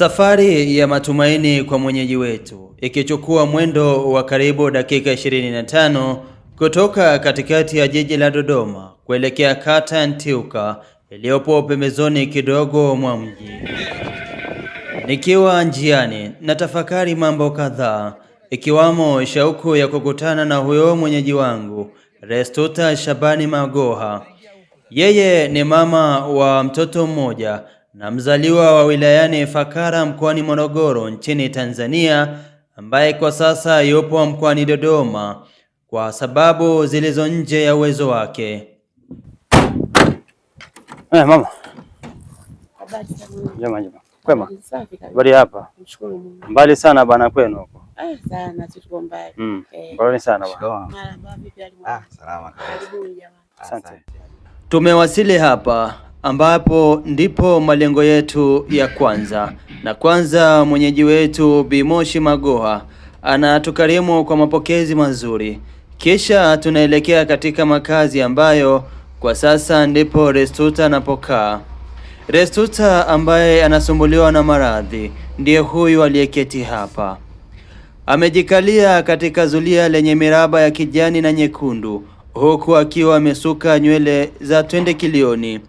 Safari ya matumaini kwa mwenyeji wetu ikichukua mwendo wa karibu dakika 25 kutoka katikati ya jiji la Dodoma kuelekea kata ya Ntyuka iliyopo pembezoni kidogo mwa mji. Nikiwa njiani na tafakari mambo kadhaa, ikiwamo shauku ya kukutana na huyo mwenyeji wangu Restuta Shabani Magoha. Yeye ni mama wa mtoto mmoja na mzaliwa wa wilayani Ifakara mkoani Morogoro nchini Tanzania, ambaye kwa sasa yupo mkoani Dodoma kwa sababu zilizo nje ya uwezo wake. Hey, eh, mama. Jema, jema. Kwema. Habari hapa. Mbali sana bana kwenu huko. Eh, sana tuko mbali. Mm. Karibuni eh. sana bana. Ah, salama. Asante. Tumewasili hapa ambapo ndipo malengo yetu ya kwanza. Na kwanza mwenyeji wetu bimoshi Magoha anatukarimu kwa mapokezi mazuri, kisha tunaelekea katika makazi ambayo kwa sasa ndipo Restuta anapokaa. Restuta ambaye anasumbuliwa na maradhi ndiye huyu aliyeketi hapa, amejikalia katika zulia lenye miraba ya kijani na nyekundu huku akiwa amesuka nywele za twende kilioni,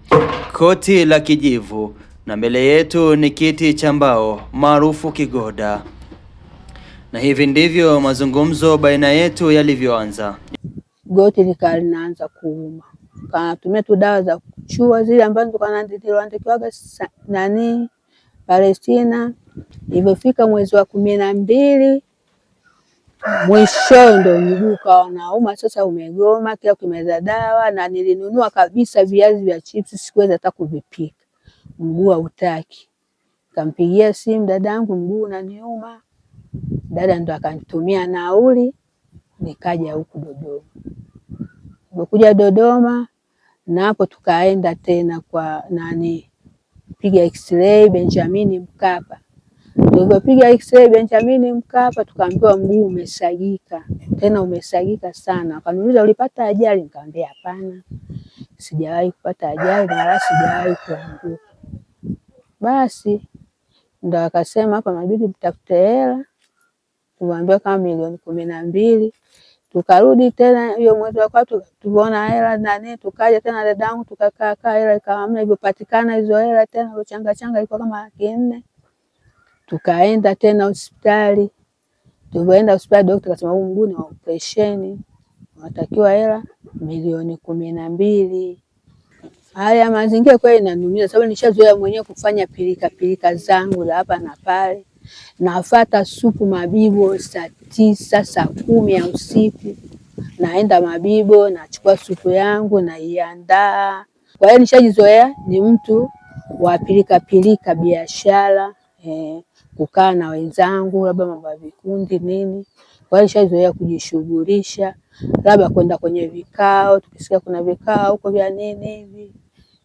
koti la kijivu, na mbele yetu ni kiti cha mbao maarufu kigoda. Na hivi ndivyo mazungumzo baina yetu yalivyoanza. Goti likawa linaanza kuuma, kanatumia tu dawa za kuchua zile ambazo kandikiwaga nani Palestina. Ilivyofika mwezi wa kumi na mbili mwisho ndo mguu ukawa unauma, sasa umegoma, kila ukimeza dawa. Na nilinunua kabisa viazi vya chipsi, sikuweza hata kuvipika, mguu hautaki. Kampigia simu dadangu, mguu unaniuma. Dada ndo akanitumia nauli, nikaja huku Dodoma. Nimekuja Dodoma na hapo tukaenda tena kwa nani, piga x-ray Benjamini Mkapa Tulipopiga x-ray Benjamin Mkapa, tukaambiwa mguu umesagika, tena umesagika sana. Akaniuliza, ulipata ajali? Nikamwambia hapana, sijawahi kupata ajali na wala sijawahi kuanguka. Basi ndo akasema hapa mabidi mtafute hela, tumeambiwa kama milioni kumi na mbili. Tukarudi tena hiyo mwezi wa kwatu, tukaona hela nani, tukaja tena dadangu, tukakaa kaa, hela ikawa hamna, ivyopatikana hizo hela tena, ilochanga changa ilikuwa kama laki nne Tukaenda tena hospitali, tulivyoenda hospitali dokta akasema huyu mguu ni wa operesheni, unatakiwa hela milioni kumi na mbili. Haya mazingira kweli inanumiza sababu nishazoea mwenyewe kufanya pilika pilika zangu za hapa na pale, nafata supu Mabibo saa tisa saa kumi ya usiku, naenda Mabibo nachukua supu yangu naiandaa. Kwa hiyo nishajizoea ni mtu wa pilika pilika biashara eh kukaa na wenzangu, labda mambo ya vikundi nini. Kwa hiyo nishazoea kujishughulisha, labda kwenda kwenye vikao, tukisikia kuna vikao huko vya nini hivi,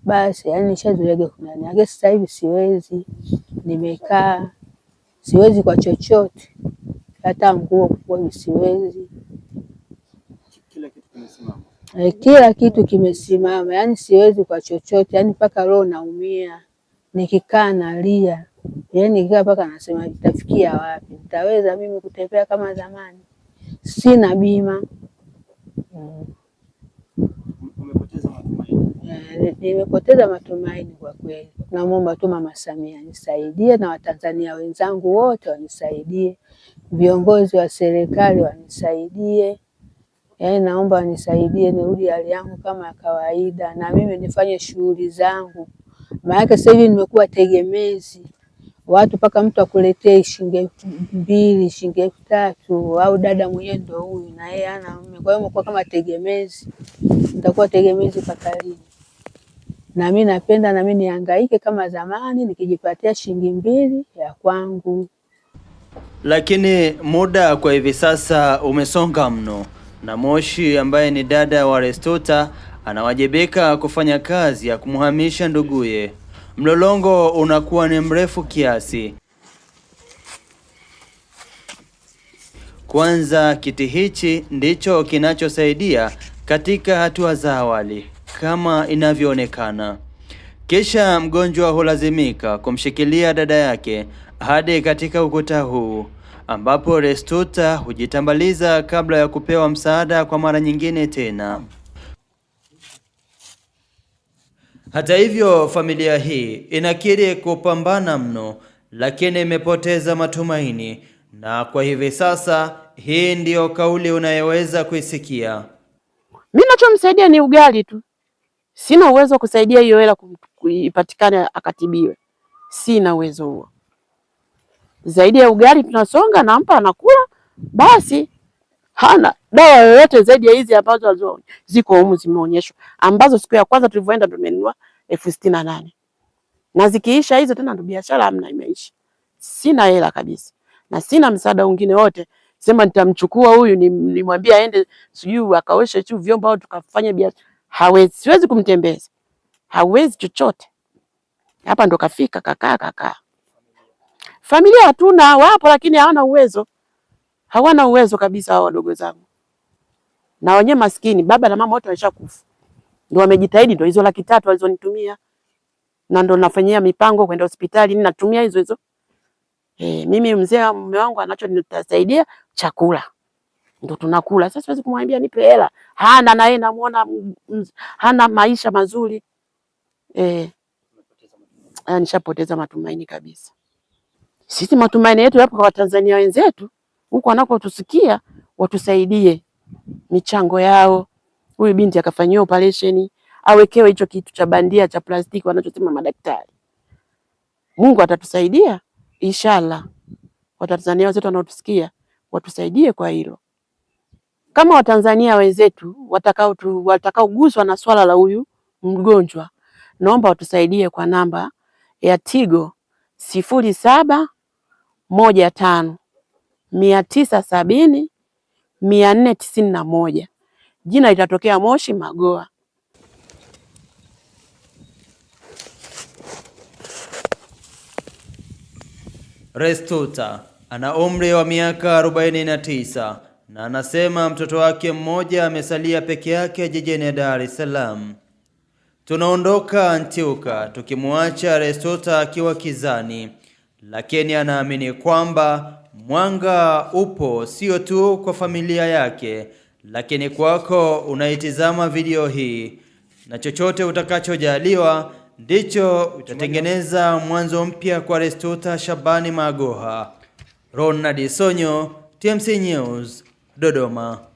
basi yani nishazoea kunani. Lakini sasa hivi siwezi, nimekaa siwezi kwa chochote, hata nguo kufua siwezi. Kila kitu kimesimama, e, kila kitu kimesimama, yani siwezi kwa chochote, yani mpaka roho naumia, nikikaa nalia yani nikikaa mpaka nasema nitafikia wapi? Nitaweza mimi kutembea kama zamani? Sina bima yaani, Nimepoteza matumaini kwa kweli. Namwomba tu Mama Samia nisaidie na Watanzania wenzangu wote wanisaidie, viongozi wa serikali wanisaidie. Yaani naomba wanisaidie nirudi hali yangu kama ya kawaida, na mimi nifanye shughuli zangu, maana sasa hivi nimekuwa tegemezi watu mpaka mtu akuletee shilingi elfu mbili shilingi elfu tatu au dada mwenyewe ndo huyu na yeye ana mume. Kwa hiyo kama tegemezi, nitakuwa tegemezi mpaka lini? Na mimi napenda na mimi nihangaike kama zamani, nikijipatia shilingi mbili ya kwangu. Lakini muda kwa hivi sasa umesonga mno, na Moshi ambaye ni dada wa Restota anawajibika kufanya kazi ya kumhamisha nduguye. Mlolongo unakuwa ni mrefu kiasi. Kwanza, kiti hichi ndicho kinachosaidia katika hatua za awali kama inavyoonekana. Kisha mgonjwa hulazimika kumshikilia dada yake hadi katika ukuta huu ambapo Restuta hujitambaliza kabla ya kupewa msaada kwa mara nyingine tena. Hata hivyo, familia hii inakiri kupambana mno, lakini imepoteza matumaini, na kwa hivi sasa hii ndiyo kauli unayoweza kuisikia. Mimi nachomsaidia ni ugali tu, sina uwezo wa kusaidia hiyo hela ipatikane akatibiwe, sina uwezo huo. Zaidi ya ugali tunasonga, nampa anakula, basi hana dawa yoyote zaidi ya hizi ambazo ziko humu zimeonyeshwa, ambazo siku ya kwanza tulivyoenda tumenunua elfu sitini na nane na zikiisha hizo tena ndo biashara amna, imeisha. Sina hela kabisa na sina msaada mwingine wote, sema nitamchukua huyu nimwambie ni aende sijui akaoshe tu vyombo au tukafanye biashara, hawezi. Siwezi kumtembeza, hawezi chochote. Hapa ndo kafika kakaa kakaa. Familia hatuna, wapo lakini hawana uwezo, hawana uwezo kabisa hao wadogo zangu na wenyewe maskini, baba na mama wote wameshakufa, ndio wamejitahidi, ndio hizo laki tatu walizonitumia na ndo nafanyia mipango kwenda hospitali, ni natumia hizo hizo. E, mimi mzee wa mume wangu anacho nitasaidia chakula ndo tunakula sasa. Siwezi kumwambia nipe hela, hana na yeye namuona hana maisha mazuri eh, eh, nishapoteza matumaini kabisa. Sisi matumaini yetu yapo kwa Watanzania wenzetu huko tusikia watusaidie michango yao, huyu binti akafanyiwa operation, awekewe hicho kitu cha bandia cha plastiki wanachosema madaktari. Mungu atatusaidia inshallah. Watanzania wenzetu wanaotusikia watusaidie kwa hilo, kama Watanzania wenzetu watakaoguswa na swala la huyu mgonjwa, naomba watusaidie kwa namba ya Tigo sifuri saba moja tano mia tisa sabini mia nne tisini na moja. Jina litatokea Moshi Magoa. Restuta ana umri wa miaka 49 na anasema mtoto wake mmoja amesalia peke yake jijini Dar es Salaam. Tunaondoka Antioka tukimwacha Restuta akiwa kizani, lakini anaamini kwamba Mwanga upo sio tu kwa familia yake, lakini kwako unaitizama video hii, na chochote utakachojaliwa ndicho utatengeneza mwanzo mpya kwa Restuta Shabani Magoha. Ronald Sonyo, TMC News, Dodoma.